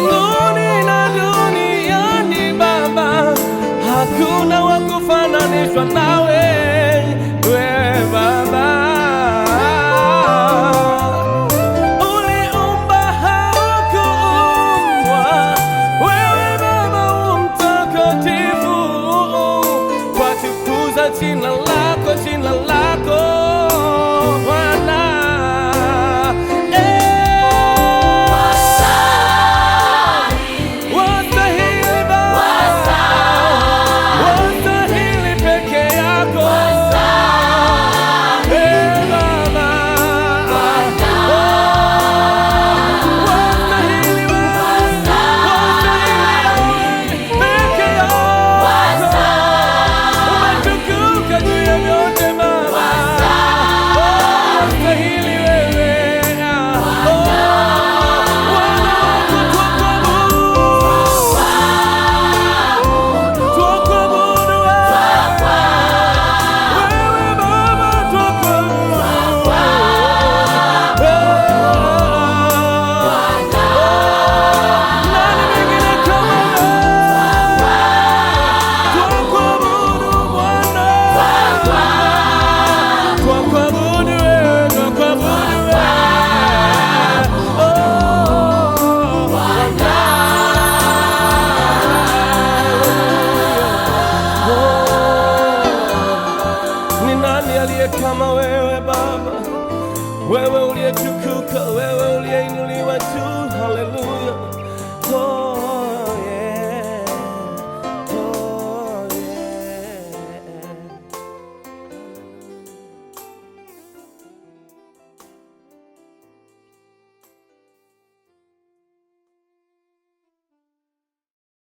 Mbinguni na duniani Baba, hakuna wa kufananishwa nawe, we Baba. Uliumba hakuumbwa, wewe Baba kama wewe Baba, wewe uliyetukuka, wewe uliyeinuliwa